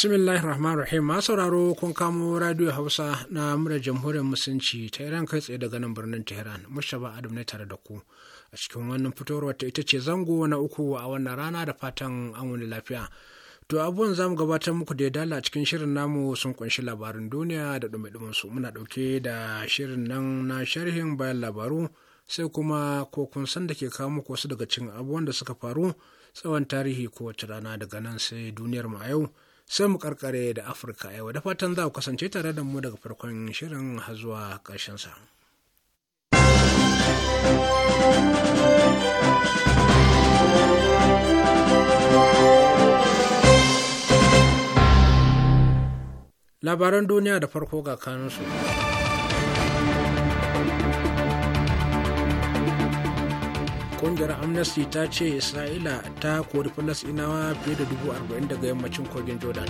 bismillahir rahmanir rahim ma sauraro kun kamo radio hausa na mura jamhuriyar musulunci ta iran kai tsaye daga nan birnin tehran mushaba adam ne tare da ku a cikin wannan fitowar ta ita ce zango na uku a wannan rana da fatan an wani lafiya to abubuwan zamu gabatar muku da ya dala a cikin shirin namu sun kunshi labarin duniya da dumi su muna dauke da shirin nan na sharhin bayan labaru sai kuma ko kun san da ke kawo muku wasu daga cikin abubuwan da suka faru tsawon tarihi kowace rana daga nan sai duniyar mu a yau sai mu karkare da afirka yau da fatan za ku kasance tare da mu daga farkon shirin har zuwa ƙarshensa. labaran duniya da farko ga kanunsu kungiyar amnesty ta ce isra'ila ta kori falasinawa fiye da dubu arba'in daga yammacin kogin jordan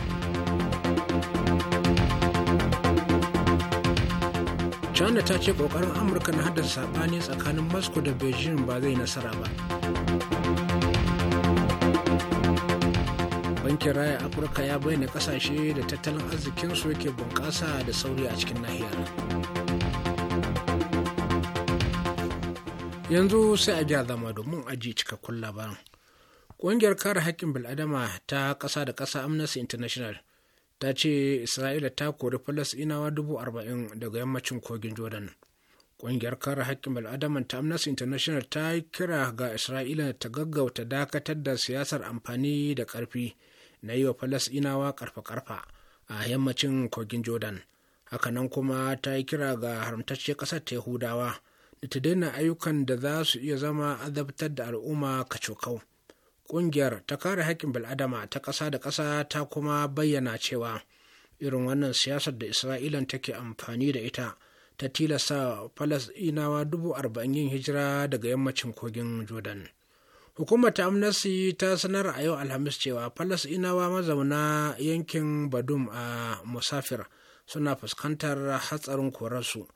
china ta ce kokarin amurka na haddasa sabani tsakanin moscow da beijing ba zai nasara ba bankin raya afirka ya bayyana kasashe da tattalin arzikinsu yake bunƙasa da sauri a cikin nahiyar yanzu sai a ja zama domin aji cikakkun labaran ƙungiyar kare haƙƙin bil'adama ta ƙasa da ƙasa amnesty international ta ce isra'ila ta kori falasɗinawa dubu arba'in daga yammacin kogin jordan ƙungiyar kare haƙƙin bil'adama ta amnesty international ta yi kira ga isra'ila ta gaggauta dakatar da siyasar amfani da ƙarfi na yi wa falasɗinawa ƙarfa-ƙarfa a yammacin kogin jordan hakanan kuma ta yi kira ga haramtacce ƙasar ta yahudawa ta daina ayyukan da za su iya zama azabtar da al'umma kacokau ƙungiyar ta kare haƙƙin bil'adama ta ƙasa da ƙasa ta kuma bayyana cewa irin wannan siyasar da isra'ilan take amfani da ita ta tilasta falasɗinawa dubu arba'in yin hijira daga yammacin kogin jordan hukumar ta amnesty ta sanar a yau alhamis cewa falasɗinawa mazauna yankin badum a musafir suna fuskantar hatsarin korarsu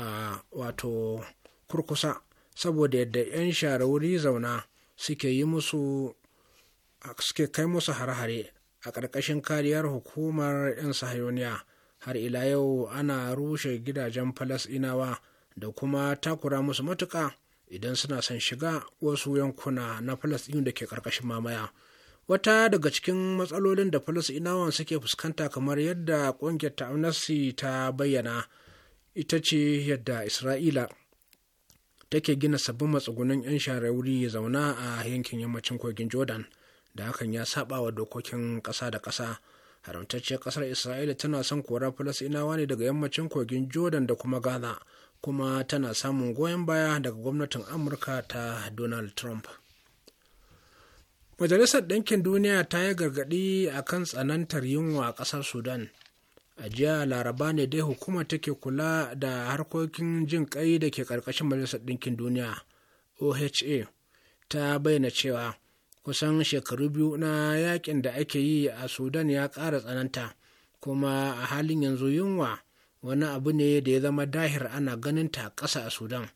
a wato kurkusa saboda yadda 'yan share wuri zauna suke yi musu suke kai musu hare-hare a ƙarƙashin kariyar hukumar 'yan sahayoniya har ila yau ana rushe gidajen falasɗinawa da kuma takura musu matuƙa idan suna son shiga wasu yankuna na falasɗin da ke ƙarƙashin mamaya wata daga cikin matsalolin da falasinawa suke fuskanta kamar yadda ƙungiyar ta ta bayyana ita ce yadda isra'ila take gina sabbin matsugunan 'yan share wuri ya zauna a yankin yammacin kogin jordan da hakan ya saba wa dokokin kasa da ƙasa haramtacciyar kasar isra'ila tana son kora falasinawa ne daga yammacin kogin jordan da kuma gaza kuma tana samun goyon baya daga gwamnatin amurka ta donald trump majalisar ɗinkin duniya ta yi gargaɗi a kan tsanantar yunwa a ƙasar sudan a jiya laraba ne dai hukumar take kula da harkokin jin kai da ke ƙarƙashin majalisar ɗinkin duniya oha ta bayyana cewa kusan shekaru biyu na yakin da ake yi a sudan ya ƙara tsananta kuma a halin yanzu yunwa wani abu ne da ya zama dahir ana ganin ta ƙasa a sudan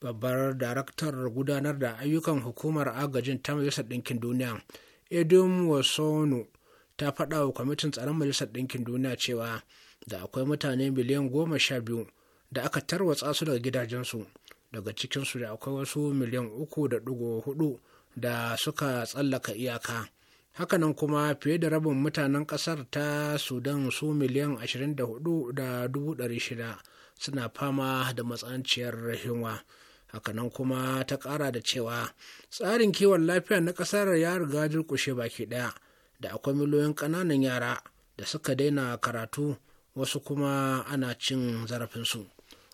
babbar daraktar gudanar da ayyukan hukumar agajin ta majalisar ɗinkin duniya edom wasonu ta faɗa wa kwamitin tsaron majalisar ɗinkin duniya cewa da akwai mutane miliyan goma sha biyu da aka tarwatsa su daga gidajensu daga cikinsu da akwai wasu miliyan uku da ɗigo hudu da suka tsallaka iyaka hakanan kuma fiye da rabin mutanen ƙasar ta sudan su miliyan ashirin da hudu da dubu ɗari shida suna fama da matsanciyar rahimwa hakanan kuma ta ƙara da cewa tsarin kiwon lafiya na ƙasar ya riga durƙushe baki ɗaya da akwai miliyoyin ƙananan yara da suka daina karatu wasu kuma ana cin zarafinsu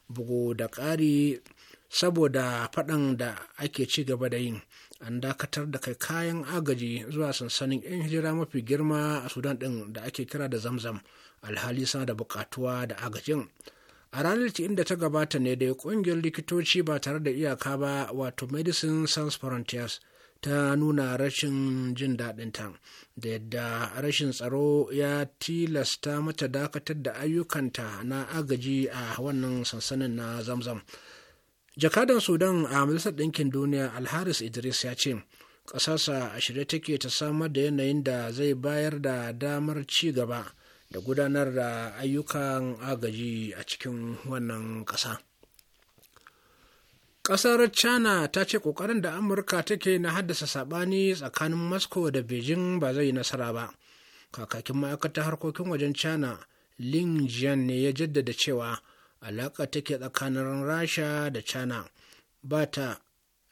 bugu da ƙari saboda faɗan da ake ci gaba da yin an dakatar da kai kayan agaji zuwa sansanin 'yan hijira mafi girma a sudan ɗin da ake kira da zamzam alhali sana da buƙatuwa da agajin a ranar da ta gabata ne da ƙungiyar likitoci ba tare da iyaka ba wato medicine sans frontiers ta nuna rashin jin daɗinta da yadda rashin tsaro ya tilasta mata dakatar da ayyukanta na agaji a wannan sansanin na zamzam jakadan sudan a majalisar ɗinkin duniya alharis idris ya ce ƙasarsa a shirye take ta samar da yanayin da zai bayar da damar ci gaba da gudanar da ayyukan agaji a cikin wannan ƙasa. Ƙasar China ta ce ƙoƙarin da Amurka take na haddasa saɓani tsakanin Moscow da Beijing ba zai yi nasara ba. Kakakin ma'aikatar harkokin wajen China, Lin Jian ne ya jaddada cewa alaƙa take tsakanin Rasha da China ba ta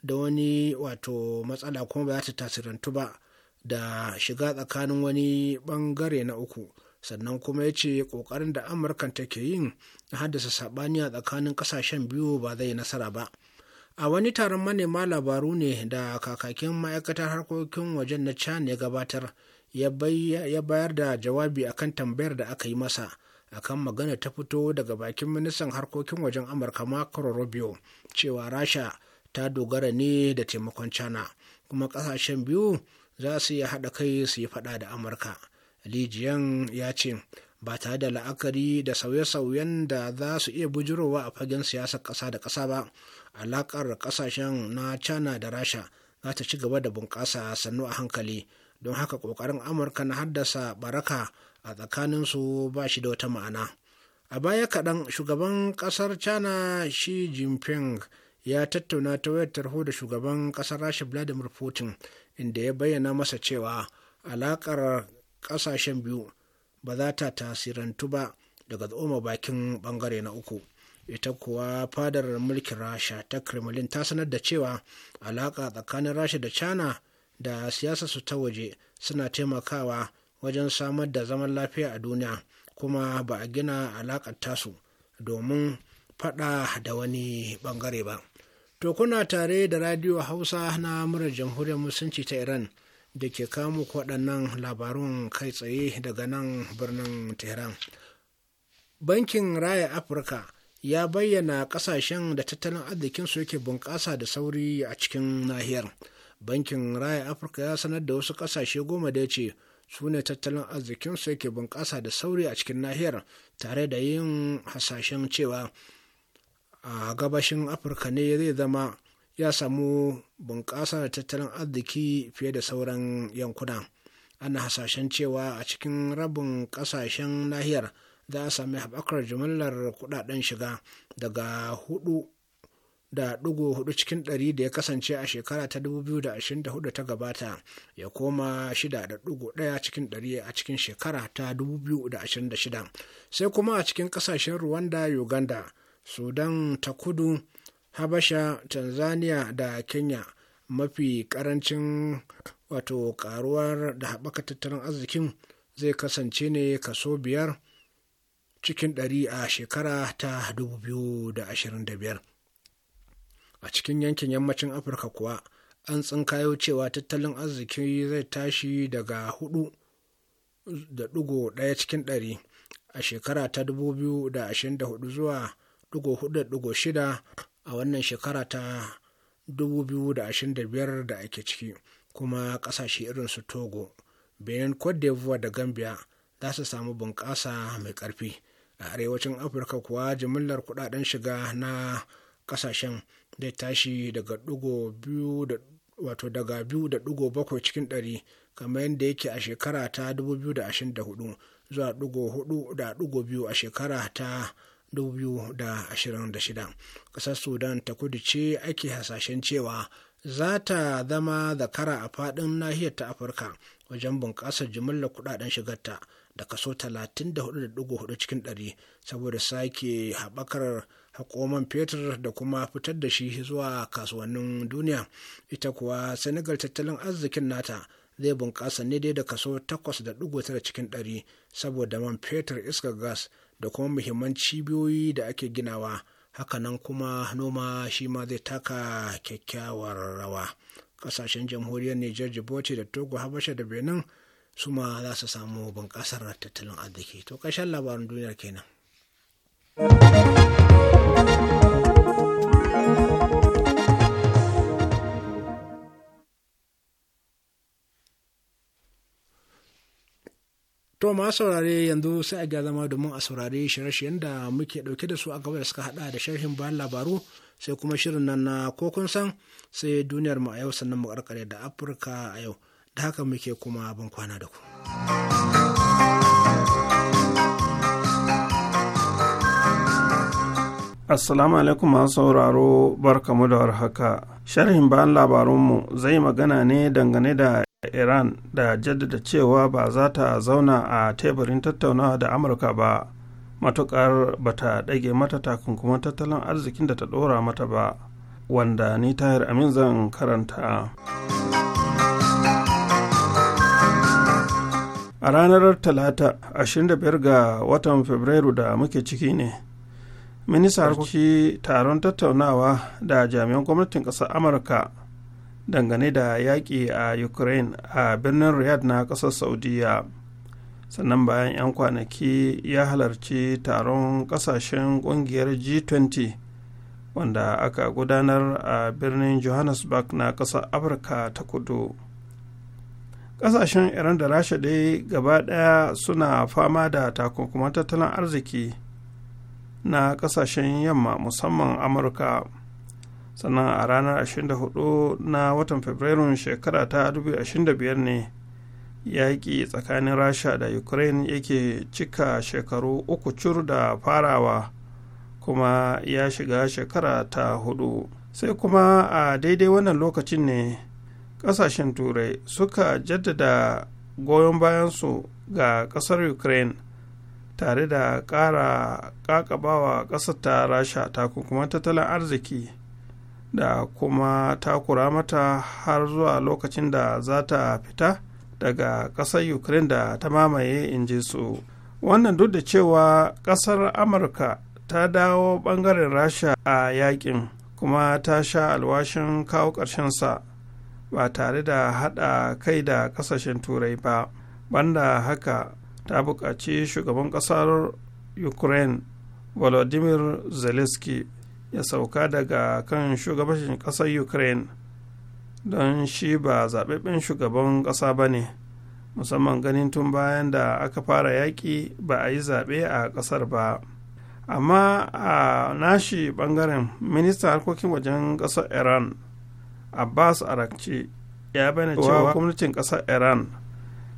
da wani wato matsala kuma ba ta tasirantu ba da shiga tsakanin wani ɓangare na uku. sannan kuma ya ce ƙoƙarin da amurkan take yin na haddasa saɓani a tsakanin ƙasashen biyu ba zai nasara ba. a wani taron manema labaru ne da kakakin ma'aikatar harkokin wajen na can ya gabatar ya bayar da jawabi akan tambayar da aka yi masa akan magana ta fito daga bakin ministan harkokin wajen amurka marco rubio cewa rasha ta dogara ne da taimakon china kuma kasashen biyu za su iya haɗa kai su yi faɗa da amurka lijiyan ya ce ba tare da la'akari da sauye-sauyen da za su iya bujurowa a fagen siyasar ƙasa da ƙasa ba alakar kasashen na china da rasha za ta ci gaba da bunƙasa sannu a hankali don haka ƙoƙarin amurka na haddasa baraka a tsakaninsu ba shi da wata ma'ana a baya kaɗan shugaban ƙasar china shi jinping ya tattauna ta wayar tarho da shugaban ƙasar rasha vladimir putin inda ya bayyana masa cewa alakar ƙasashen biyu ba za ta tasirantu ba daga tsoma bakin ɓangare na uku ita kuwa fadar mulkin rasha ta kremlin ta sanar da cewa alaka tsakanin rasha da china da siyasa su ta waje suna taimakawa wajen samar da zaman lafiya a duniya kuma ba a gina alakar tasu domin fada da wani bangare ba to kuna tare da radio hausa na murar jamhuriyar musulunci ta iran da ke kamu waɗannan labarun kai tsaye daga nan birnin tehran bankin raya afirka ya bayyana kasashen da tattalin arzikinsu yake bunƙasa da sauri a cikin nahiyar bankin raya afirka ya sanar da wasu kasashe goma da ya ce su ne tattalin arzikinsu yake bunƙasa da sauri a cikin nahiyar tare da yin hasashen cewa a gabashin afirka ne zai zama ya samu bunƙasa da tattalin arziki fiye da sauran yankuna ana hasashen cewa a cikin rabin ƙasashen nahiyar za a sami haɓakar jimillar kudaden shiga daga hudu da ɗigo hudu cikin ɗari da ya kasance a shekara ta 2024 ta gabata ya koma shida da ɗigo ɗaya cikin ɗari a cikin shekara ta 2026 sai kuma a cikin ƙasashen ruwanda uganda sudan ta kudu habasha tanzania da kenya mafi ƙarancin wato ƙaruwar da haɓaka tattalin arzikin zai kasance ne kaso biyar cikin ɗari a shekara ta 2025 a cikin yankin yammacin afirka kuwa an tsinkayo cewa tattalin arziki zai tashi daga hudu da cikin ɗari a shekara ta 2024 zuwa 4.6 a wannan shekara ta 2025 da ake ciki kuma ƙasashe irin su togo benin cote d'ivoire da gambia za su samu bunƙasa mai ƙarfi a arewacin afirka kuwa jimillar kudaden shiga na kasashen zai tashi daga biyu da wato daga biyu da dugo bakwai cikin ɗari kamar yadda yake a shekara ta hudu zuwa dugo hudu da dugo biyu a shekara ta shida kasar sudan ta kudu ce ake hasashen cewa za ta zama zakara a faɗin nahiyar ta afirka wajen bunƙasar jimillar kudaden shigarta da kaso 34.4 cikin ɗari saboda sake haɓakar hakoman fetur da kuma fitar da shi zuwa kasuwannin duniya ita kuwa senegal tattalin arzikin nata zai bunƙasa ne dai da kaso 8.9 cikin ɗari saboda man fetur iskar gas da kuma muhimman cibiyoyi da ake ginawa hakanan kuma noma shi ma zai taka kyakkyawar rawa ƙasashen jamhuriyar niger djibouti da togo habasha da benin su ma za su samu bunƙasar tattalin arziki to ƙarshen labarin duniyar kenan To ma saurare yanzu sai a ga zama domin a saurare shirye-shiryen da muke dauke da su a gaba da suka hada da sharhin bayan labaru sai kuma shirin nan na kokun san sai duniyar mu a yau sannan mu karkare da Afirka a yau. da haka muke kuma ban kwana da ku. Assalamu alaikum masu sauraro barkamu da warhaka. Sharhin bayan labarunmu zai magana ne dangane da Iran da jaddada cewa ba za ta zauna a teburin tattaunawa da Amurka ba, matukar ba ta ɗage mata takunkuman tattalin arzikin da ta ɗora mata ba, wanda ni tahir amin zan karanta. a ranar talata 25 ga watan fabrairu da muke ciki ne minista harkoki taron tattaunawa da jami'an gwamnatin ƙasar amurka dangane da yaƙi a ukraine a birnin riyadh na ƙasar saudiya sannan bayan 'yan kwanaki ya halarci taron ƙasashen ƙungiyar g20 wanda aka gudanar a birnin johannesburg na ƙasar afirka ta kudu kasashen iran da rasha dai gaba daya suna fama da takunkuman tattalin arziki na kasashen yamma musamman amurka sannan a ranar 24 na watan fabrairun shekara ta 2025 ne yaƙi tsakanin rasha da ukraine yake cika shekaru uku cur da farawa kuma ya shiga shekara ta hudu sai kuma a daidai wannan lokacin ne ƙasashen turai suka jaddada goyon bayansu ga ƙasar ukraine tare da ƙara ƙaƙabawa ƙasar ta rasha kuma tattalin arziki da kuma takura mata har zuwa lokacin da za ta fita daga ƙasar ukraine da ta mamaye in ji su wannan duk da cewa ƙasar amurka ta dawo ɓangaren rasha a yakin kuma ta sha alwashin kawo ƙarshen sa. ba tare da haɗa kai da ƙasashen turai ba banda haka ta buƙaci shugaban ƙasar ukraine volodymyr zelensky ya sauka daga kan shugabancin ƙasar ukraine don shi ba zaɓaɓɓen shugaban ƙasa ba ne musamman ganin tun bayan da aka fara yaƙi ba a yi zaɓe a ƙasar ba amma a nashi ɓangaren ministan harkokin wajen ƙasar iran abbas arakci ya bayyana cewa gwamnatin ƙasar iran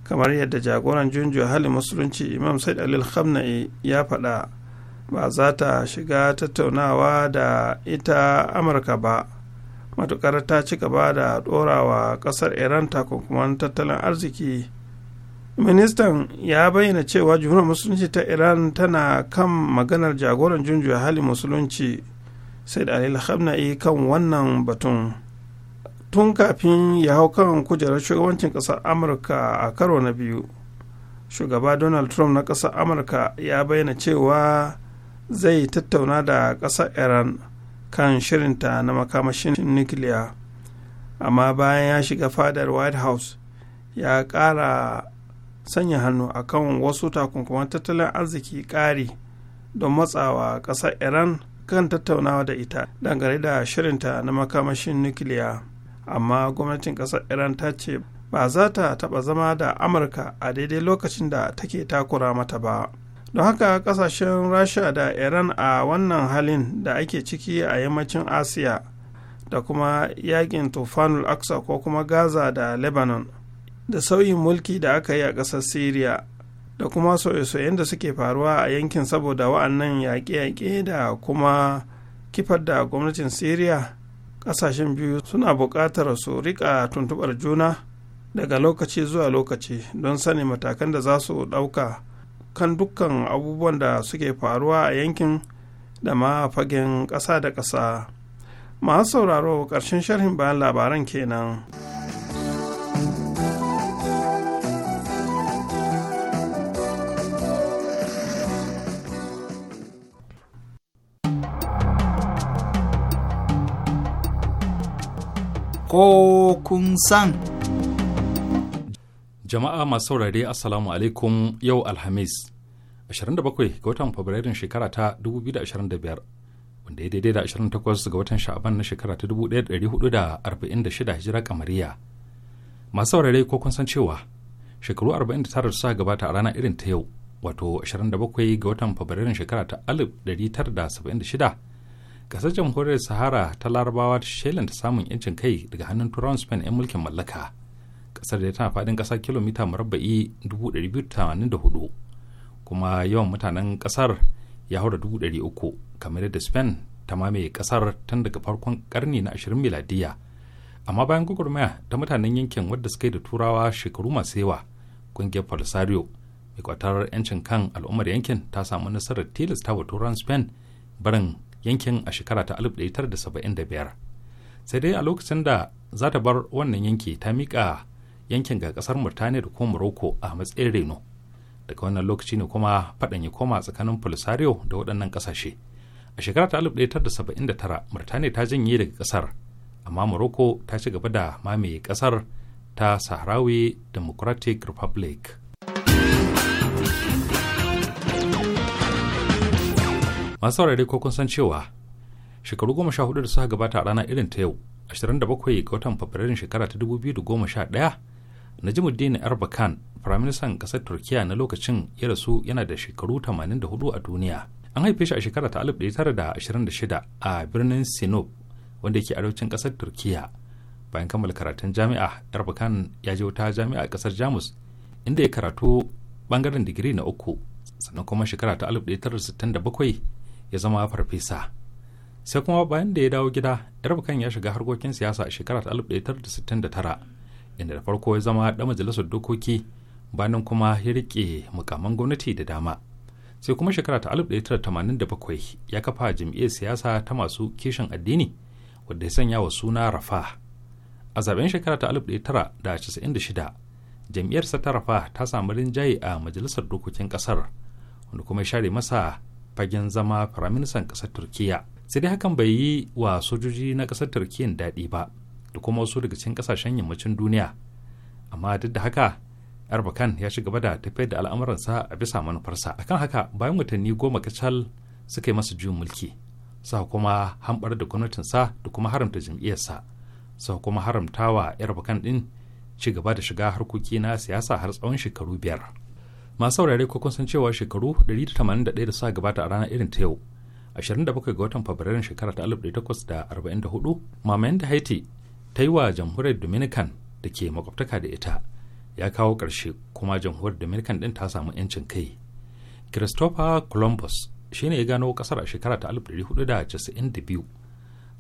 kamar yadda jagoran junjo halin musulunci imam said alil khamna'i ya faɗa ba za ta shiga tattaunawa da ita amurka ba matukar ta ci gaba da ɗorawa ƙasar iran takunkuman tattalin arziki ministan ya bayyana cewa jumhuriyar musulunci ta iran tana kan maganar jagoran junjo halin musulunci said alil khamna'i kan wannan batun. tun kafin ya hau kan kujerar shugabancin ƙasar amurka a karo na biyu shugaba donald trump na ƙasar amurka ya bayyana cewa zai tattauna da ƙasar iran kan shirinta na makamashin nukiliya amma bayan ya shiga fadar white house ya ƙara sanya hannu a kan wasu takunkuman tattalin arziki ƙari don matsawa ƙasar iran kan tattaunawa da ita dangane da shirinta na makamashin nukiliya amma gwamnatin kasar iran ta ce ba za ta taba zama da amurka a daidai lokacin da take takura mata ba don haka kasashen rasha da iran a wannan halin da ake ciki a yammacin asiya da kuma yakin tufanul aksa ko kuma gaza da lebanon da sauyin mulki da aka yi a kasar syria da kuma soye-soyen da suke faruwa a yankin saboda wa'annan yaƙe-yaƙe da kuma kifar da gwamnatin syria kasashen biyu suna buƙatar su riƙa tuntuɓar juna daga lokaci zuwa lokaci don sani matakan da za su ɗauka kan dukkan abubuwan da suke faruwa a yankin da ma fagen ƙasa da ƙasa masu sauraro ƙarshen sharhin bayan labaran kenan. ko kun san. Jama'a masu saurare Assalamu alaikum yau Alhamis 27 ga watan Fabrairun shekara ta 2025 wanda ya daidai da 28 ga watan Sha'aban na shekara ta 1446 hijira kamariya. Masu saurare ko kun san cewa shekaru 49 suka gabata a rana irin ta yau wato 27 ga watan Fabrairun shekara ta 1976 gasar jamhuriyar sahara ta larabawa ta shelanta samun yancin kai daga hannun turawan spain 'yan mulkin mallaka kasar da tana faɗin ƙasa kilomita murabba'i 284 kuma yawan mutanen ƙasar ya haura 300 kamar da spain ta mamaye ƙasar tun daga farkon ƙarni na 20 miladiya amma bayan gwagwarmaya ta mutanen yankin wadda suka yi da turawa shekaru masu yawa ƙungiyar polisario mai kwatar 'yancin kan al'ummar yankin ta samu nasarar tilasta wa turawan spain barin yankin a shekara ta 1975 sai dai a lokacin da za ta bar wannan yanki ta miƙa yankin ga ƙasar murtaniya da kuma morocco a matsayin reno daga wannan lokaci ne kuma faɗan ya koma tsakanin polisario da waɗannan ƙasashe a shekara ta 1979 murtaniya ta janye daga ƙasar amma morocco ta ci gaba da mamaye ƙasar ta sahrawi democratic republic masu saurare ko kun san cewa shekaru goma sha hudu da suka gabata a rana irin ta yau 27 ga watan fabrairun shekara ta 2011 najimuddin erbakan firaministan kasar turkiya na lokacin ya rasu yana da shekaru 84 a duniya an haife shi a shekara ta 1926 a birnin sinop wanda ke arewacin kasar turkiyya bayan kammala karatun jami'a erbakan ya je wata jami'a a kasar jamus inda ya karatu bangaren digiri na uku sannan kuma shekara ta 1967 ya zama farfesa sai kuma bayan da ya dawo gida yarbakan ya shiga harkokin siyasa a shekarar 1969 inda da farko ya zama ɗan majalisar dokoki bayan kuma ya riƙe mukaman gwamnati da dama sai kuma shekara ta 1987 ya kafa jam'iyyar siyasa ta masu kishin addini wadda ya sanya wa suna rafa a zaben shekara ta 1996 jam'iyyarsa ta rafa ta samu rinjaye a majalisar dokokin ƙasar wanda kuma ya share masa fagen zama firaministan ƙasar turkiya sai dai hakan bai yi wa sojoji na ƙasar turkiyan daɗi ba da kuma wasu daga cikin ƙasashen yammacin duniya amma duk da haka erbakan ya ci gaba da tafiyar da al'amuransa a bisa manufarsa akan haka bayan watanni goma kacal suka yi masa juyin mulki sa kuma hambar da gwamnatinsa da kuma haramta jam'iyyarsa sa kuma haramtawa erbakan ɗin ci gaba da shiga harkoki na siyasa har tsawon shekaru biyar. masu saurare ko kun san cewa shekaru 181 da suka gabata a ranar irin ta yau 27 ga watan fabrairun shekara ta 1844 mamayen da haiti ta yi wa jamhuriyar dominican da ke makwabtaka da ita ya kawo ƙarshe kuma jamhuriyar dominican ɗin ta samu 'yancin kai christopher columbus shine ya gano kasar a shekara ta 1492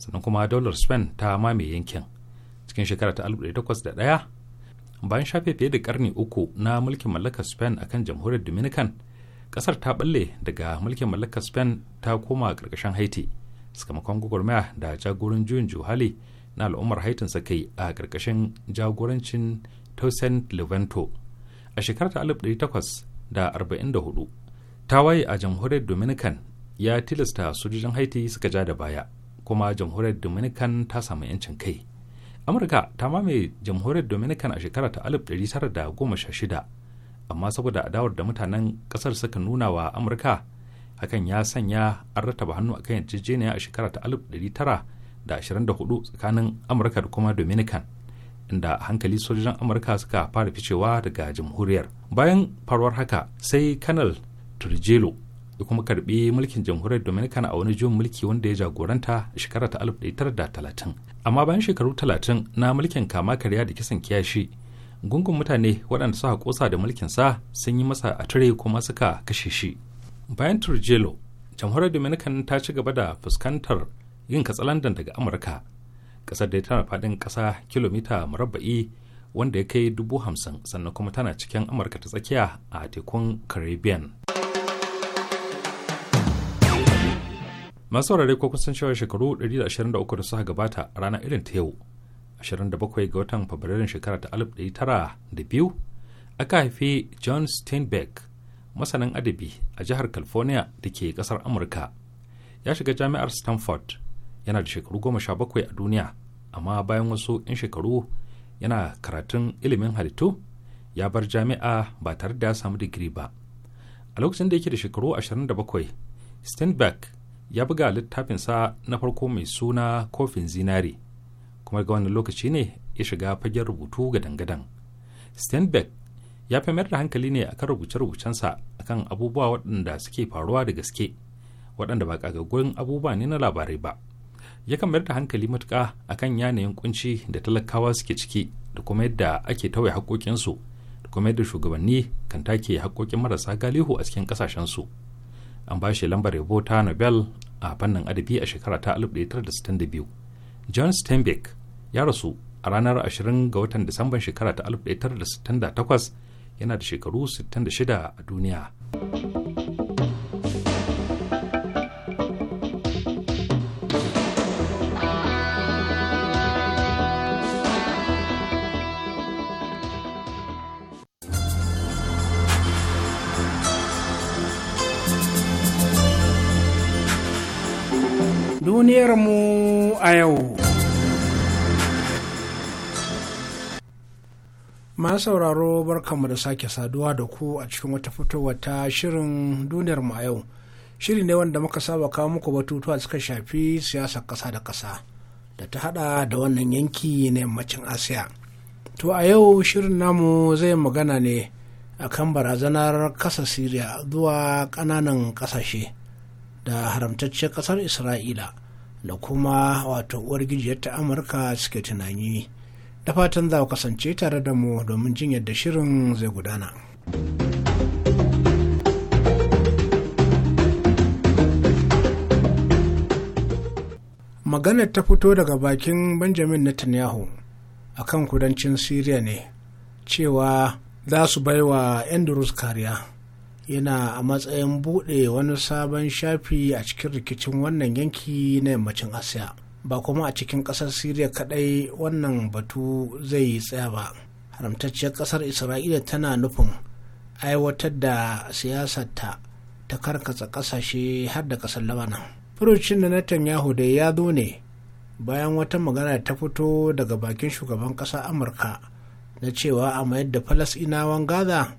sannan kuma daular spain ta mamaye yankin cikin shekara ta 1801 bayan shafe fiye da karni uku na mulkin mallakar spain akan jamhuriyar dominican kasar ta balle daga mulkin mallakar spain ta koma karkashin haiti sakamakon gwagwarmaya da jagoran juyin juhali na al'ummar haitin sa kai a karkashin jagorancin tausen levanto a shekarar ta 1844 waye a jamhuriyar dominican ya tilasta sojojin haiti suka ja da baya kuma jamhuriyar dominican ta samu 'yancin kai amurka ta mamaye jamhuriyar dominican a shekara ta 1916 amma saboda adawar da mutanen kasar suka nuna wa amurka hakan ya sanya an rataba hannu a kan yarjejeniya a shekara ta 1924 tsakanin amurka da kuma dominican inda hankali sojojin amurka suka fara ficewa daga jamhuriyar bayan faruwar haka sai kanal trujillo da kuma karbi mulkin jamhuriyar dominican a wani juyin mulki wanda ya jagoranta a shekara ta talatin amma bayan shekaru talatin na mulkin kama karya da kisan kiyashi gungun mutane waɗanda suka kosa da mulkin sa sun yi masa a tare kuma suka kashe shi bayan turjelo jamhuriyar dominican ta ci gaba da fuskantar yin katsalandan daga amurka ƙasar da tana faɗin ƙasa kilomita murabba'i wanda ya kai dubu hamsin sannan kuma tana cikin amurka ta tsakiya a tekun caribbean masu saurare ko kusan cewa shekaru 123 da suka gabata a ranar irin ta yau 27 ga watan fabrairun shekara ta 1902 aka haifi john steinbeck masanin adabi a jihar california da ke kasar amurka ya shiga jami'ar stanford yana da shekaru 17 a duniya amma bayan wasu 'yan shekaru yana karatun ilimin halittu ya bar jami'a ba tare da ya samu digiri ba a lokacin da yake da shekaru 27 steinbeck ya buga littafinsa na farko mai suna kofin zinare kuma ga wani lokaci ne ya shiga fagen rubutu ga dangadan steinbeck ya fi mayar da hankali ne akan rubuce-rubucensa akan abubuwa waɗanda suke faruwa da gaske waɗanda ba ƙagaggun abubuwa ne na labarai ba yakan mayar da hankali matuƙa akan yanayin kunci da talakawa suke ciki da kuma yadda ake tauye haƙoƙinsu da kuma yadda shugabanni kan take haƙoƙin marasa galihu a cikin ƙasashensu. su an ba shi lambar yabo ta nobel a fannin adabi a shekara ta 1962 john steinbeck ya rasu a ranar 20 ga watan disamban shekara ta 1968 yana da shekaru 66 a duniya. mu a yau. Ma sauraro barkanmu da sake saduwa da ku a cikin wata fitowa ta shirin duniyarmu a yau. Shiri ne wanda muka saba kawo muku batutuwa suka shafi siyasar ƙasa da ƙasa da ta hada da wannan yanki na yammacin Asiya. To a yau shirin namu zai magana ne a kan barazanar kasa Siriya zuwa ƙananan ƙasashe. da haramtacciyar ƙasar isra'ila da kuma wato uwar ta amurka suke tunani da fatan za ku kasance tare da mu domin jin yadda shirin zai gudana. maganar ta fito daga bakin benjamin netanyahu a kan kudancin syria ne cewa za su baiwa 'yan kariya yana a matsayin buɗe wani sabon shafi a cikin rikicin wannan yanki na yammacin asiya ba kuma a cikin ƙasar siriya kaɗai wannan batu zai yi tsaya ba haramtacciyar ƙasar isra'ila tana nufin aiwatar da siyasarta ta karkatsa ƙasashe har da ƙasar labanan furucin da netanyahu da ya zo ne bayan wata magana ta fito daga bakin shugaban ƙasar amurka na cewa a mayar da falasinawan gaza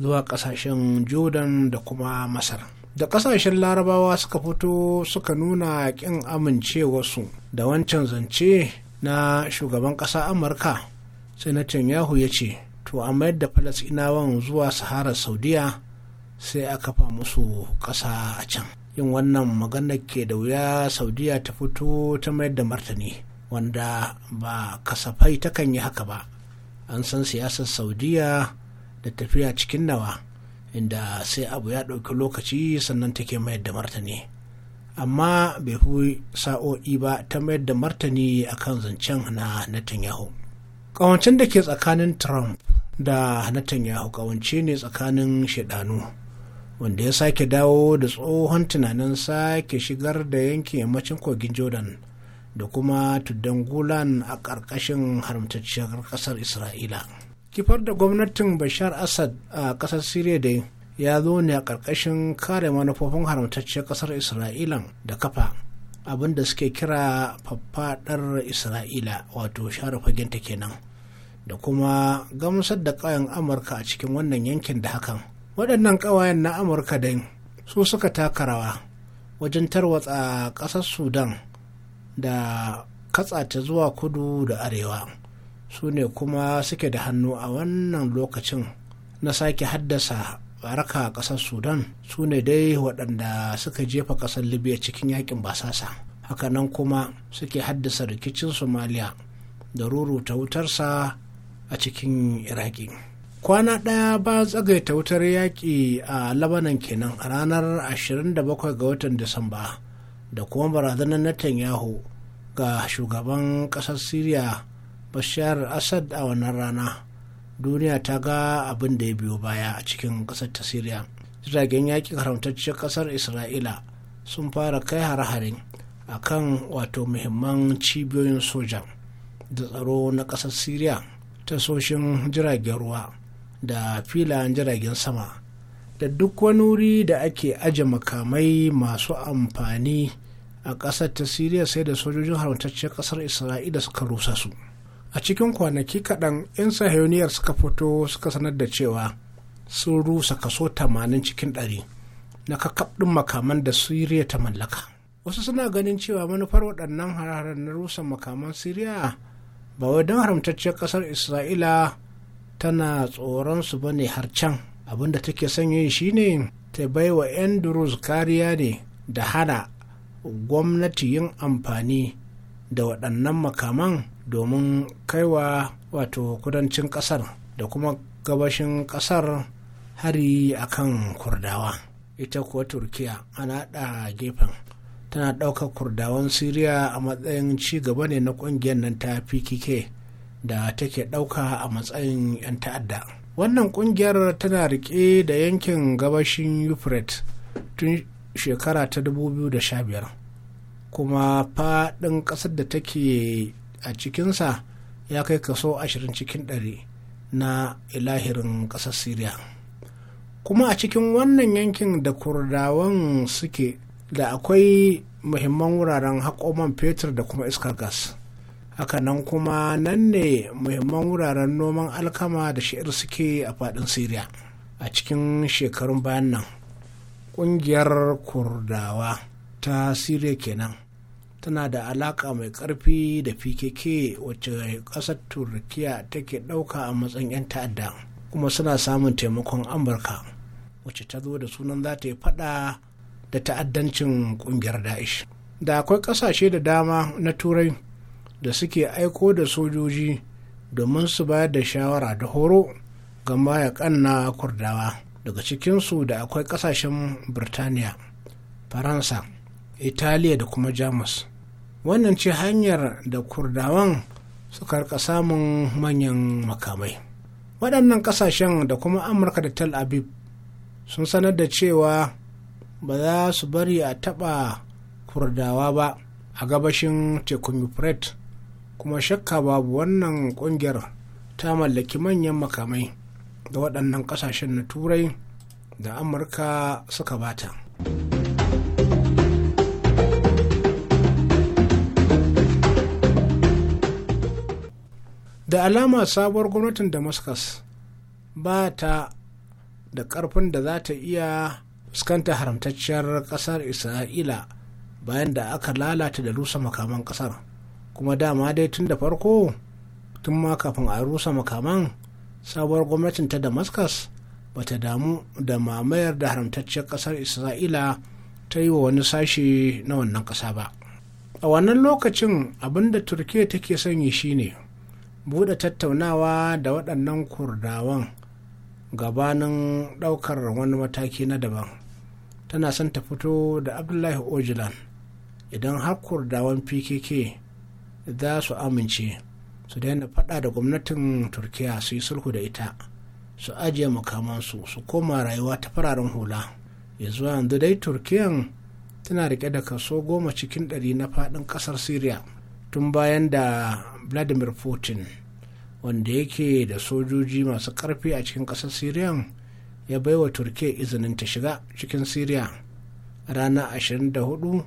zuwa kasashen jordan da kuma masar da kasashen larabawa suka fito suka nuna kin amincewarsu da wancan zance na shugaban ƙasa amurka sanatan yahu ya ce to a mayar da falasinawan zuwa sahara saudiya sai a kafa musu ƙasa a can yin wannan maganar ke da wuya saudiya ta fito ta mayar da martani wanda ba kasafai takan yi haka ba an san siyasar saudiya da tafiya cikin nawa inda sai abu ya ɗauki lokaci sannan take mayar da martani amma bai fi sa'o'i ba ta mayar da martani a kan zancen na Netanyahu. Ƙawancen da ke tsakanin Trump da Netanyahu ƙawance ne tsakanin shidanu wanda ya sake dawo da tsohon tunanin sake shigar da yanke yammacin kogin Jordan da kuma tuddan Gulan a ƙarƙashin haramtacciyar ƙasar Isra'ila. kifar da gwamnatin bashar assad a ƙasar siriya dai ya zo ne a ƙarƙashin kare manufofin haramtacciyar ƙasar isra'ilan da kafa abin da suke kira faffadar isra'ila wato share faginta kenan da kuma gamsar da ƙawayen amurka a cikin wannan yankin da hakan waɗannan ƙawayen na amurka dai su suka taka rawa wajen tarwatsa ƙasar sudan da katsata zuwa kudu da arewa su ne kuma suke da hannu a wannan lokacin na sake haddasa baraka a ƙasar sudan su ne dai waɗanda suka jefa ƙasar libya cikin yakin basasa nan kuma suke haddasa rikicin somaliya da ruruta wutarsa a cikin iraki kwana ɗaya ba tsagaita wutar yaƙi a labanan kenan a ranar 27 ga watan disamba da kuma barazanar netanyahu ga shugaban ƙasar siriya bashar asad a wannan rana duniya ta ga abin da ya biyo baya a cikin ƙasar ta siriya jiragen yaƙi haramtacce ƙasar isra'ila sun fara kai hare-hare a kan wato muhimman cibiyoyin soja da tsaro na ƙasar siriya tasoshin jiragen ruwa da filayen jiragen sama da duk wani wuri da ake aje makamai masu amfani a ƙasar ta siriya sai da sojojin haramtacce ƙasar isra'ila suka rusa su a cikin kwanaki kaɗan 'yan sahiyoniyar suka fito suka sanar da cewa sun rusa kaso 80 cikin 100 na kakabɗin makaman da siriya ta mallaka wasu suna ganin cewa manufar waɗannan hararen na rusa makaman siriya ba wai don haramtacciyar ƙasar isra'ila tana tsoron su ba ne har can abinda take son yi shine ta bai wa 'yan durus kariya ne da hana gwamnati yin amfani da waɗannan makaman domin kaiwa wato kudancin kasar da kuma gabashin kasar hari a kan kurdawa ita kuwa turkiya ana da gefen tana ɗaukar kurdawan siriya a matsayin ci gaba ne na ƙungiyar nan ta pkk da take ɗauka a matsayin 'yan ta'adda wannan ƙungiyar tana riƙe da yankin gabashin euphrates tun shekara ta 2015 kuma faɗin ƙasar da take a cikinsa ya kai kaso ashirin cikin 100 na ilahirin ƙasar syria kuma a cikin wannan yankin da kurdawan suke da akwai muhimman wuraren haƙoman fetur da kuma iskar gas hakanan kuma nan ne muhimman wuraren noman alkama da sha'ir suke a faɗin syria a cikin shekarun bayan nan ƙungiyar kurdawa ta syria kenan tana da alaka mai karfi da pkk wacce kasar turkiya take dauka a matsayin 'yan ta'adda kuma suna samun taimakon amurka wacce ta zo da sunan za ta yi fada da ta'addancin kungiyar daesh da akwai kasashe da dama na turai da suke aiko da sojoji domin su bayar da shawara da horo ga mayakan na kurdawa daga cikinsu da akwai kasashen birtaniya faransa italiya da kuma jamus wannan ce hanyar da kurdawan suka rika samun manyan makamai waɗannan ƙasashen da kuma amurka da tel aviv sun sanar da cewa ba za su bari a taɓa kurdawa ba a gabashin tekun euphrates kuma shakka babu wannan ƙungiyar ta mallaki manyan makamai da waɗannan ƙasashen na turai da amurka suka bata. da alama sabuwar gwamnatin damascus ba ta da ƙarfin da za ta iya fuskanta haramtacciyar ƙasar isra'ila bayan da aka lalata da rusa makaman ƙasar kuma dama dai tun da farko tun ma kafin a rusa makaman sabuwar gwamnatin ta damascus ba ta damu da mamayar da haramtacciyar ƙasar isra'ila ta yi wa wani sashe na wannan ƙasa ba a wannan lokacin abinda da turkiya take son yi shine buɗe tattaunawa da waɗannan kurdawan gabanin ɗaukar wani mataki na daban tana son ta fito da abdullahi ojilan idan har kurdawan pkk za su amince su daina faɗa da gwamnatin turkiya su yi sulhu da ita su ajiye makamansu su koma rayuwa ta fararen hula ya zuwa yanzu dai turkiyan tana rike da kaso goma cikin ɗari na faɗin ƙasar syria tun bayan da vladimir putin wanda yake da sojoji masu karfi a cikin ƙasar syria ya baiwa turkiya izinin ta shiga cikin syria ranar 24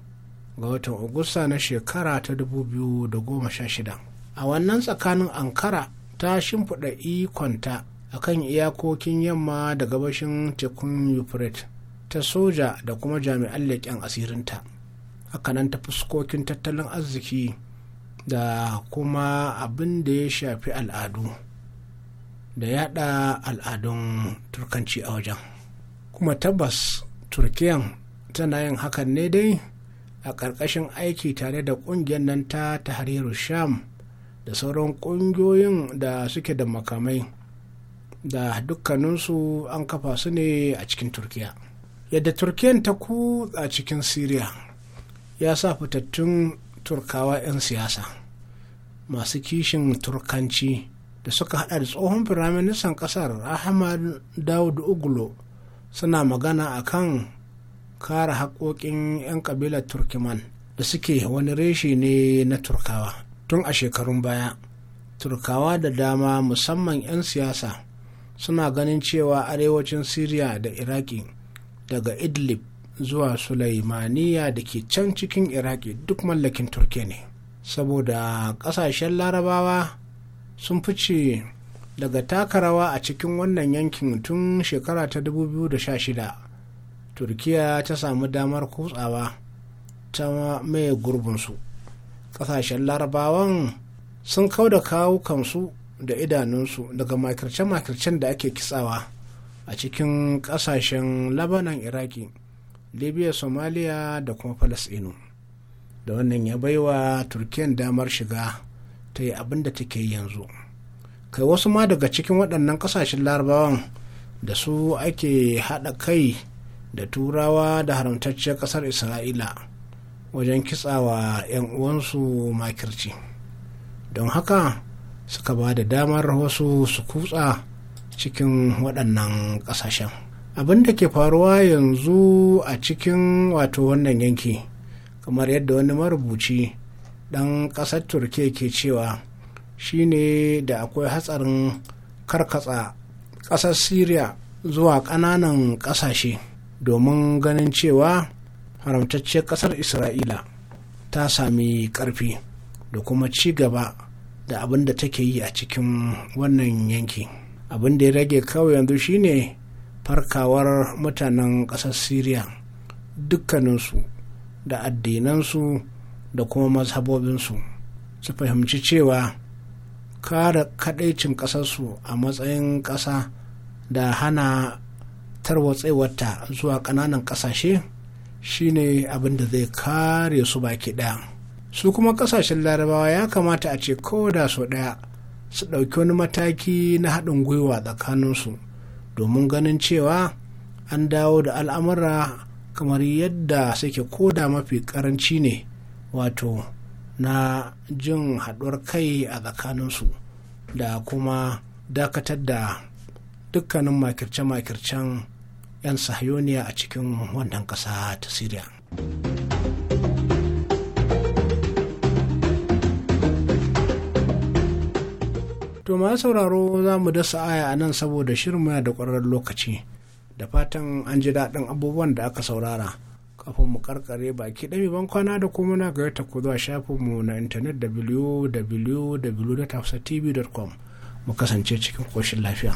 ga watan agusta na shekara ta 2016 a wannan tsakanin ankara ta shimfiɗa ikonta a kan iyakokin yamma da gabashin tekun euphrates ta soja da kuma jami'an leƙen asirinta hakanan ta fuskokin tattalin arziki da kuma abin da ya shafi al'adu da yada al'adun turkanci a wajen kuma tabbas turkiyan tana yin hakan ne dai a ƙarƙashin aiki tare da ƙungiyar nan ta tahariru sham da sauran ƙungiyoyin da suke da makamai da dukkaninsu an kafa su ne a cikin turkiya yadda turkiyan ta kutsa cikin syria ya sa fitattun turkawa 'yan siyasa masu kishin turkanci da suka hada da tsohon firaministan kasar ahmad daud ugulo suna magana a kan kare haƙoƙin 'yan ƙabilar turkiman da suke wani reshe ne na turkawa tun a shekarun baya turkawa da dama musamman 'yan siyasa suna ganin cewa arewacin syria da iraki daga idlib zuwa sulaimaniya da ke can cikin iraki duk mallakin turkiya ne saboda kasashen larabawa sun fice daga taka rawa a cikin wannan yankin tun shekara ta 2016 turkiya ta samu damar kutsawa ta mai gurbinsu kasashen larabawan sun kau da kawo kansu da idanunsu daga makirce-makircen da ake kitsawa a cikin kasashen labanan iraki libya somalia da kuma falasɗinu da wannan ya baiwa turkiyan damar shiga ta yi abin da take yanzu kai wasu ma daga cikin waɗannan ƙasashen larabawan da su ake haɗa kai da turawa da haramtacciyar ƙasar isra'ila wajen kitsawa 'yan uwansu makirci don haka suka ba da damar wasu su kutsa cikin waɗannan ƙasashen abin da ke faruwa yanzu a cikin wato wannan yanki kamar yadda wani marubuci ɗan ƙasar turkiya ke cewa shine da akwai hatsarin karkatsa ƙasar syria zuwa ƙananan ƙasashe domin ganin cewa haramtacciyar ƙasar isra'ila ta sami ƙarfi da kuma ci gaba da abin da take yi a cikin wannan yanki abin da ya rage kawai yanzu shine farkawar mutanen ƙasar syria dukkaninsu da addinansu da kuma mazhabobinsu su fahimci cewa kare kadaicin ƙasarsu a matsayin ƙasa da hana tarwatsewarta zuwa ƙananan ƙasashe shine abin da zai kare su baki ɗaya su kuma ƙasashen larabawa ya kamata a ce ko da sau ɗaya su ɗauki wani mataki na haɗin gwiwa tsakaninsu domin ganin cewa an dawo da al'amura kamar yadda suke koda mafi karanci ne wato na jin haɗuwar kai a tsakaninsu da kuma dakatar da dukkanin makirce-makircen 'yan sahayoniya a cikin wannan ƙasa ta syria to ma sauraro za mu dasa aya a nan saboda shirma da ƙwararren lokaci da fatan an ji daɗin abubuwan da aka saurara kafin mu karkare baki ɗami ban kwana da kuma na ga ta zuwa shafinmu na intanet www.tafsatv.com mu kasance cikin koshin lafiya.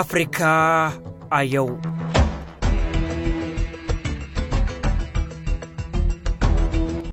Afirka a yau.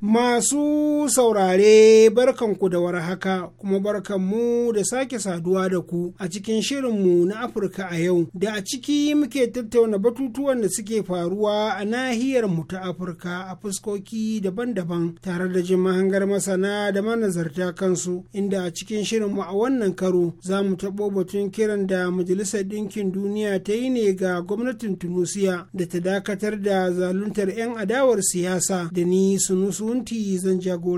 Masu masu saurare barkanku da warhaka kuma barkanmu da sake saduwa da ku a cikin shirinmu na Afirka a yau da a ciki muke tattauna batutuwan da suke faruwa a nahiyar mu ta Afirka a fuskoki daban-daban tare da jin mahangar masana da manazarta kansu inda a cikin shirinmu a wannan karo za mu taɓo batun kiran da Majalisar Ɗinkin Duniya ta yi ne ga gwamnatin Tunusiya da ta dakatar da zaluntar 'yan adawar siyasa da ni sunusunti zan jagora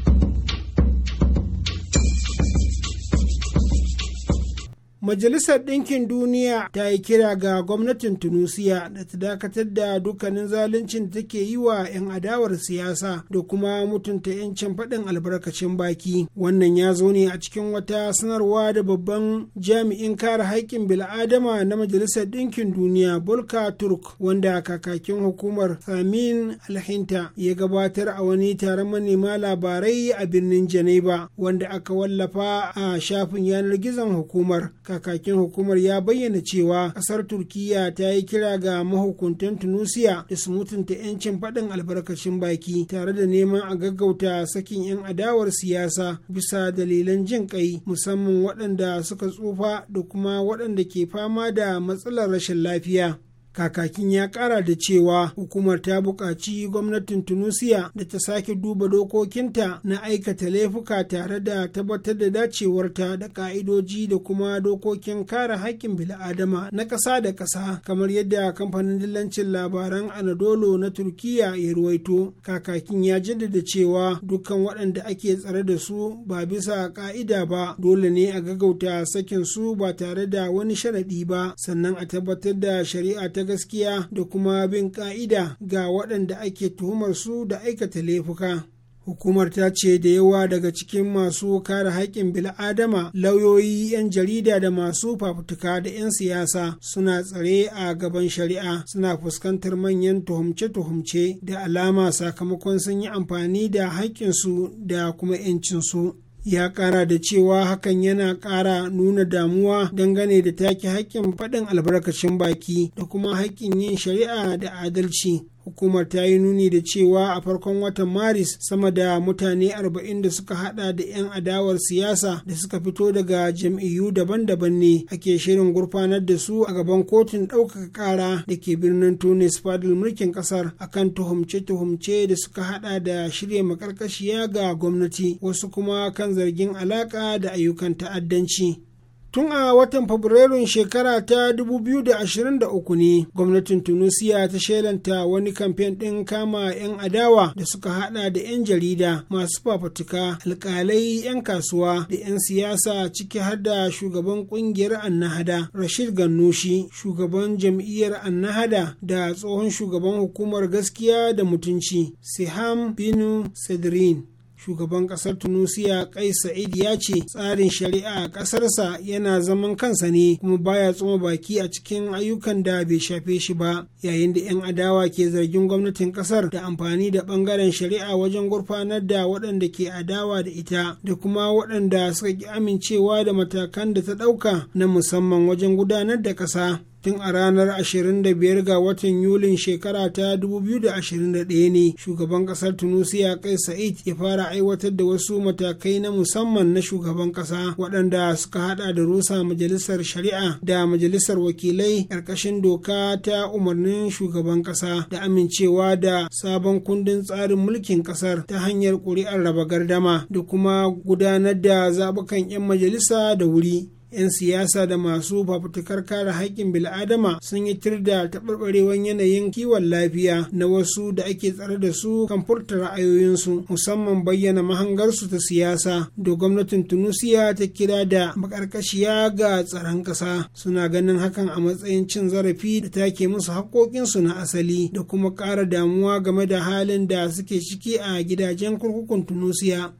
Majalisar Ɗinkin Duniya ta yi kira ga gwamnatin Tunusiya da ta dakatar da dukkanin zaluncin da take yi wa 'yan adawar siyasa da kuma mutunta 'yancin faɗin albarkacin baki. Wannan ya zo ne a cikin wata sanarwa da babban jami'in kare haƙƙin bil'adama na Majalisar Ɗinkin Duniya Bulka Turk wanda kakakin hukumar Samin Alhinta ya gabatar a wani taron manema labarai a birnin Janeba wanda aka wallafa a shafin yanar gizon hukumar. kakakin hukumar ya bayyana cewa kasar turkiya ta yi kira ga mahukuntan tunisia da su mutunta 'yancin faɗin albarkacin baki tare da neman a gaggauta sakin 'yan adawar siyasa bisa dalilan jin kai musamman waɗanda suka tsufa da kuma waɗanda ke fama da matsalar rashin lafiya kakakin ya kara da cewa hukumar ta buƙaci gwamnatin tunisia da ta sake duba dokokinta na aikata laifuka tare da tabbatar da dacewarta da ka'idoji da kuma dokokin kare haƙƙin bil'adama na ƙasa da ƙasa kamar yadda kamfanin dillancin labaran anadolo na turkiya ya ruwaito kakakin ya jaddada cewa dukkan waɗanda ake tsare da su ba bisa ka'ida ba dole ne a gagauta sakin su ba tare da wani sharaɗi ba sannan a tabbatar da shari'a ta ta gaskiya da kuma bin ka'ida ga waɗanda ake tuhumar su da aikata laifuka. hukumar ta ce da yawa daga cikin masu kare haƙƙin bil'adama lauyoyi 'yan jarida da masu fafutuka da 'yan siyasa suna tsare a gaban shari'a suna fuskantar manyan tuhumce-tuhumce da alama sakamakon sun yi amfani da haƙƙinsu da kuma 'yancinsu. ya kara da cewa hakan yana kara nuna damuwa dangane da take haƙƙin faɗin albarkacin baki da kuma haƙƙin yin shari'a da adalci hukumar ta yi nuni da cewa a farkon watan maris sama da mutane 40 da suka hada da 'yan adawar siyasa da suka fito daga jam'iyyu daban-daban ne ake shirin gurfanar da su a gaban kotun ɗaukaka ƙara da ke birnin tunis fadil mulkin ƙasar akan tuhumce-tuhumce da suka hada da shirya makarkashiya ga gwamnati wasu kuma kan zargin alaƙa da ayyukan ta'addanci tun a watan fabrairun shekara ta 2023 ne gwamnatin tunisia ta shelanta wani kamfen ɗin kama 'yan adawa da suka hada da 'yan jarida masu fafatuka alkalai 'yan kasuwa da 'yan siyasa ciki har da shugaban ƙungiyar annahada rashid gannushi shugaban jam'iyyar annahada da tsohon shugaban hukumar gaskiya da mutunci siham binu sedrin shugaban kasar tunisia ƙai sa'id ya ce tsarin shari'a a kasarsa yana zaman kansa ne kuma baya tsoma baki a cikin ayyukan da bai shafe shi ba yayin da 'yan adawa ke zargin gwamnatin kasar da amfani da bangaren shari'a wajen gurfanar da waɗanda ke adawa da ita da kuma waɗanda suka ki amincewa da matakan da ta ɗauka na musamman wajen gudanar da ƙasa tun a ranar 25 ga watan yulin shekara ta 2021 ne shugaban kasar tunisia kai sa'id ya fara aiwatar da wasu matakai na musamman na shugaban kasa waɗanda suka hada da rusa majalisar shari'a da majalisar wakilai ƙarƙashin doka ta umarnin shugaban kasa da amincewa da sabon kundin tsarin mulkin kasar ta hanyar ƙuri'ar raba gardama da kuma gudanar da zaɓukan 'yan majalisa da wuri 'yan siyasa da masu fafutukar kare haƙƙin bil'adama sun yi tir da taɓarɓarewar yanayin kiwon lafiya na wasu da ake tsare da su kan furta ra'ayoyinsu musamman bayyana mahangarsu ta siyasa da gwamnatin tunusiya ta kira da maƙarƙashiya ga tsaron ƙasa suna ganin hakan a matsayin cin zarafi da take musu haƙoƙinsu na asali da kuma ƙara damuwa game da halin da suke ciki a gidajen kurkukun tunusiya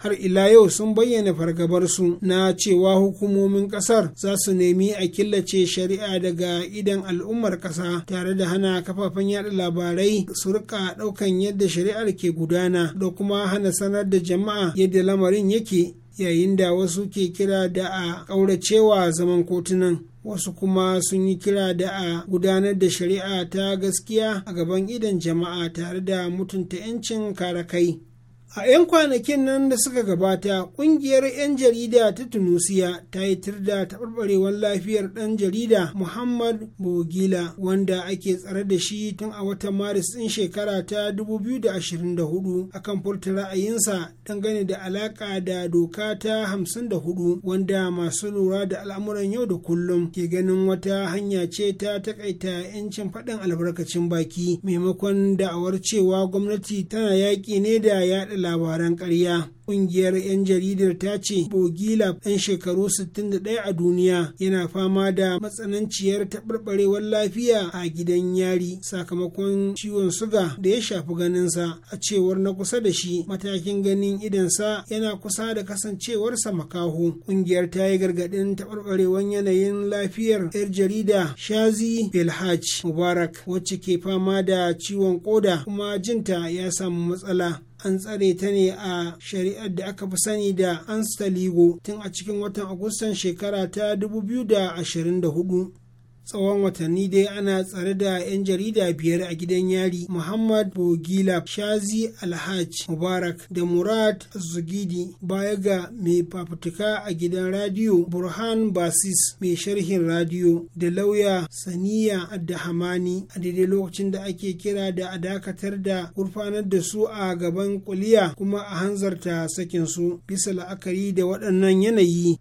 har ila yau sun bayyana fargabarsu na cewa hukumomin kasar za su nemi a killace shari'a daga idan al'ummar kasa tare da hana kafafen yada labarai su rika daukan yadda shari'ar ke gudana da kuma hana sanar da jama'a yadda lamarin yake yayin da wasu ke kira da a ƙauracewa zaman kotunan wasu kuma sun yi kira da a gudanar da shari'a ta gaskiya a gaban idan jama'a tare da mutunta 'yancin kare kai A 'yan kwanakin nan da suka gabata, ƙungiyar 'yan jarida ta Tunusiya ta yi tirda taɓarɓarewar lafiyar ɗan jarida Muhammad Bogila wanda ake tsare da shi tun a watan Maris ɗin shekara ta 2024 akan furta ra'ayinsa dangane da alaƙa da doka ta 54 wanda masu lura da al'amuran yau da kullum ke ganin wata hanya ce ta takaita 'yancin faɗin albarkacin baki maimakon da'awar cewa gwamnati tana yaƙi ne da yaɗa labaran ƙarya ƙungiyar 'yan jaridar ta ce bogila ɗan shekaru 61 a duniya yana fama da matsananciyar taɓarɓarewar lafiya a gidan yari sakamakon ciwon suga da ya shafi ganinsa a cewar na kusa da shi matakin ganin idansa yana kusa da kasancewarsa makaho ƙungiyar ta yi gargaɗin taɓarɓarewar yanayin lafiyar 'yar jarida shazi belhaj mubarak wacce ke fama da ciwon koda kuma jinta ya samu matsala an tsare ta ne a shari'ar da aka fi sani da anstaligo tun a cikin watan agustan shekara ta 2024 tsawon watanni dai ana tsare da 'yan jarida biyar a gidan yari muhammad bogila shazi alhaj mubarak da murad zugidi baya ga mai fafutuka a gidan radiyo burhan basis mai sharhin radiyo da lauya saniya adahamani a daidai lokacin da ake kira da a dakatar da gurfanar da su a gaban kuliya kuma a hanzarta sakinsu bisa la'akari da waɗannan yanayi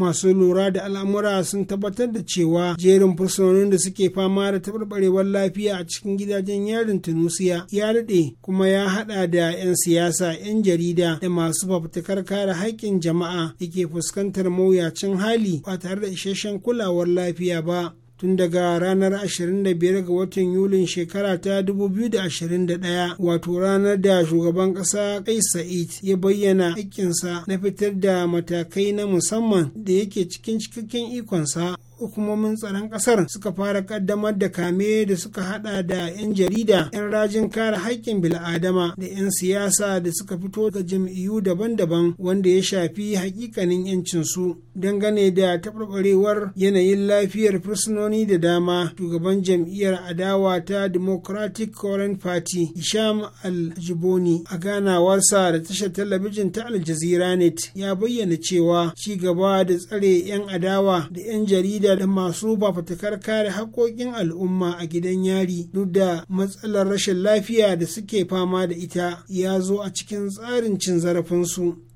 masu lura da al'amura sun tabbatar da cewa jerin fursunonin da suke fama da taɓarɓarewar lafiya a cikin gidajen yarin tunusiya ya daɗe kuma ya haɗa da 'yan siyasa 'yan jarida da masu fafutukar kare haƙƙin jama'a da ke fuskantar mawuyacin hali ba tare da isasshen kulawar lafiya ba tun daga ranar 25 ga watan yulin shekara ta 2021 wato ranar da shugaban ƙasa kai sa'id ya bayyana aikinsa na fitar da matakai na musamman da yake cikin cikakken ikonsa hukumomin tsaron kasar suka fara kaddamar da kame da suka hada da 'yan jarida 'yan rajin kare haƙƙin bil'adama da 'yan siyasa da suka fito daga jam'iyyu daban-daban wanda ya shafi haƙiƙanin 'yancin su dangane da taɓarɓarewar yanayin lafiyar fursunoni da dama shugaban jam'iyyar adawa ta democratic current party isham al-jiboni a ganawarsa da tashar talabijin ta Aljazeera net ya bayyana cewa ci gaba da tsare 'yan adawa da 'yan jarida da masu fafatakar kare haƙoƙin al'umma a gidan yari duk da matsalar rashin lafiya da suke fama da ita ya zo a cikin tsarin cin zarafinsu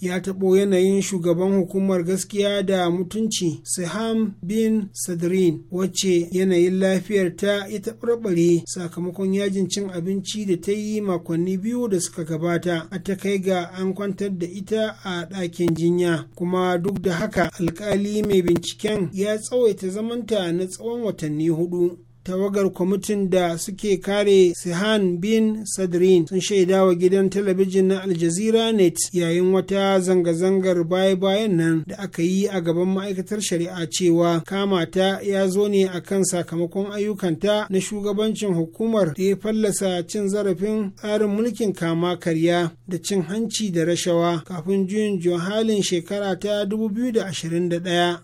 ya taɓo yanayin shugaban hukumar gaskiya da mutunci Siham bin Sadrin wacce yanayin lafiyar ta ya taɓarɓare sakamakon yajin cin abinci da ta yi makonni biyu da suka gabata a ta kai ga an kwantar da ita a ɗakin jinya kuma duk da haka alkali mai binciken ya tsawaita zamanta na tsawon watanni hudu. tawagar kwamitin da suke kare sihan bin sadrin sun shaidawa gidan talabijin na aljazira net yayin wata zanga-zangar baya-bayan nan da aka yi a gaban ma'aikatar shari'a cewa kamata ya zo ne akan sakamakon ayyukanta na shugabancin hukumar da ya fallasa cin zarafin tsarin mulkin kama karya da cin hanci da rashawa kafin juyin juhalin shekara ta 2021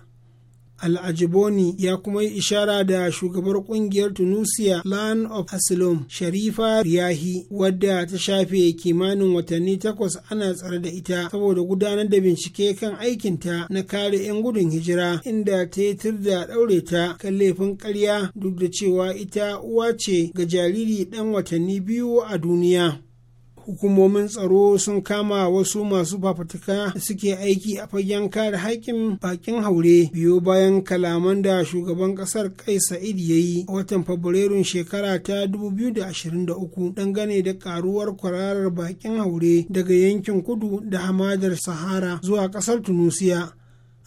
al'ajiboni ya kuma yi ishara da shugabar kungiyar tunusia land of asylum sharifa riyahi wadda ta shafe kimanin watanni takwas ana tsare da ita saboda gudanar da bincike kan aikinta na kare 'yan gudun hijira inda ta yi da ɗaure ta kan laifin karya, duk da cewa ita uwa ce ga jariri ɗan watanni biyu a duniya. hukumomin tsaro sun kama wasu masu fafatuka suke aiki a fagen kare haƙƙin bakin haure biyo bayan kalaman da shugaban ƙasar kai sa'id ya yi a watan fabrairun shekara ta 2023 dangane da karuwar kwararar bakin haure daga yankin kudu da hamadar sahara zuwa ƙasar tunusiya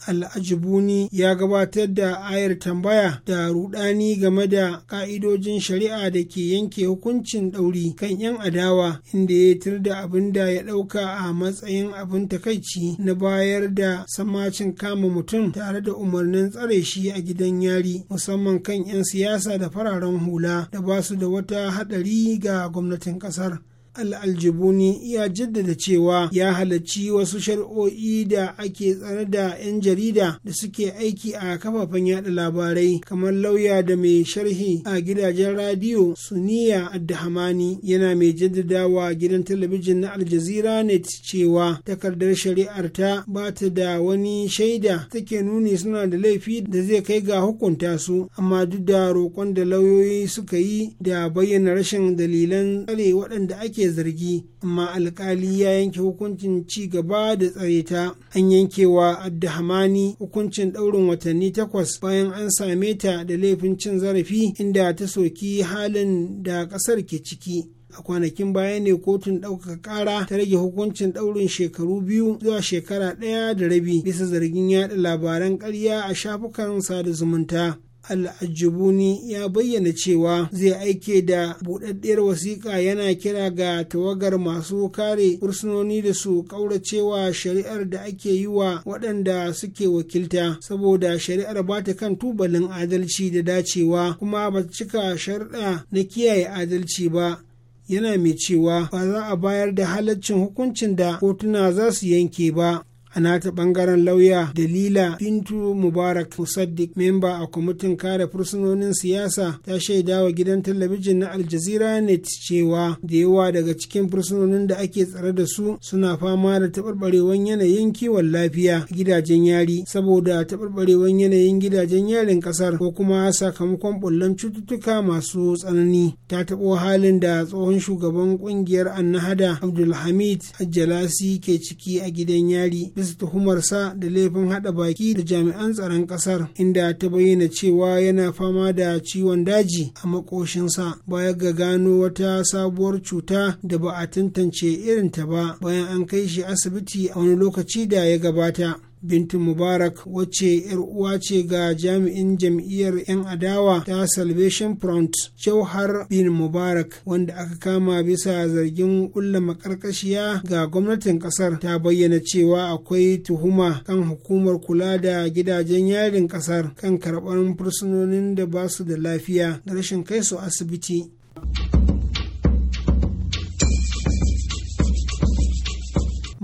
al'ajibuni ya gabatar da ayar tambaya da rudani game da ka'idojin shari'a da ke yanke hukuncin ɗauri kan 'yan adawa inda ya tur da abin da ya ɗauka a matsayin abin takaici na bayar da samacin kama mutum tare da umarnin tsare shi a gidan yari musamman kan 'yan siyasa da fararen hula da ba su da wata haɗari ga gwamnatin ƙasar. al'aljibuni ya jaddada cewa ya halarci wasu shari'o'i da ake tsare da 'yan jarida da suke aiki a kafafen yada labarai kamar lauya da mai sharhi a gidajen radiyo suniya addahamani yana mai jaddadawa gidan talabijin na aljazira net cewa takardar shari'ar ta ba ta da wani shaida take nuni suna da laifi da zai kai ga hukunta su amma duk da roƙon da lauyoyi suka yi da bayyana rashin dalilan tsare waɗanda ake ake zargi amma alkali ya yanke hukuncin ci gaba da tsare ta an yankewa addahamani hukuncin ɗaurin watanni takwas bayan an same ta da laifin cin zarafi inda ta soki halin da ƙasar ke ciki a kwanakin baya ne kotun ɗaukaka ƙara ta rage hukuncin ɗaurin shekaru biyu zuwa shekara ɗaya da rabi bisa zargin yaɗa labaran ƙarya a shafukan sada zumunta al'ajibuni ya bayyana cewa zai aike da buɗaɗɗiyar wasiƙa yana kira ga tawagar masu kare fursunoni da su ƙauracewa shari'ar da ake yi wa waɗanda suke wakilta saboda shari'ar ba ta kan tubalin adalci da dacewa kuma ba cika sharɗa na kiyaye adalci ba yana mai cewa ba za a bayar da halaccin hukuncin da kotuna za su yanke ba a nata bangaren lauya dalila bintu mubarak musaddiq memba a kwamitin kare fursunonin siyasa ta shaidawa gidan talabijin na aljazira net cewa da yawa daga cikin fursunonin da ake tsare da su suna fama da taɓarɓarewan yanayin kiwon lafiya gidajen yari saboda taɓarɓarewan yanayin gidajen yarin ƙasar ko kuma sakamakon ɓullan cututtuka masu tsanani ta taɓo halin da tsohon shugaban ƙungiyar annahada abdulhamid ajalasi ke ciki a gidan yari jaddada tuhumarsa da laifin haɗa baki da jami'an tsaron ƙasar inda ta bayyana cewa yana fama da ciwon daji a makoshinsa baya ga gano wata sabuwar cuta da ba a tantance irinta ba bayan an kai shi asibiti a wani lokaci da ya gabata bintu mubarak wacce yar uwa ce ga jami'in jam'iyyar 'yan adawa ta salvation front jauhar bin mubarak wanda aka kama bisa zargin kulla makarkashiya ga gwamnatin kasar ta bayyana cewa akwai tuhuma kan hukumar kula da gidajen yarin kasar kan karɓar fursunonin da ba su da lafiya da rashin kai su asibiti.